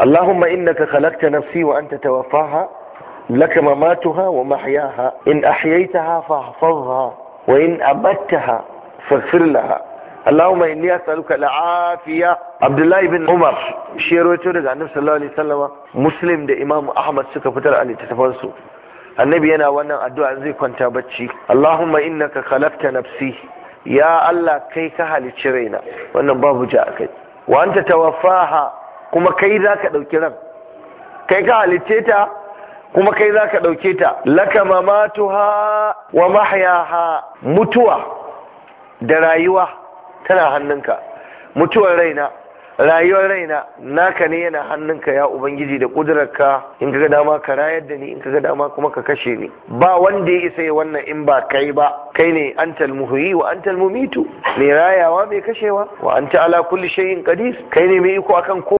اللهم إنك خلقت نفسي وأنت توفاها لك مماتها ومحياها إن أحييتها فاحفظها وإن أبتها فاغفر لها اللهم إني أسألك العافية عبد الله بن عمر shi ya rawaito daga annabi sallallahu alaihi wasallama muslim da imamu ahmad suka fitar a littattafan su annabi yana wannan addu'a zai kwanta bacci allahumma innaka khalaqta nafsi ya allah kai ka halicci raina wannan babu ja kuma kai za ka ɗauki ran kai ka halicce ta kuma kai za ka ɗauke ta laka mamatuha wa mahyaha mutuwa da rayuwa tana hannunka mutuwar raina rayuwar raina naka ne yana hannunka ya ubangiji da kudurarka in ka dama ka rayar da ni in ka dama kuma ka kashe ni ba wanda ya isa wannan in ba kai ba kai ne antal muhyi wa antal mumitu mai rayawa mai kashewa wa anta ala kulli shay'in qadir kai ne mai iko akan ko?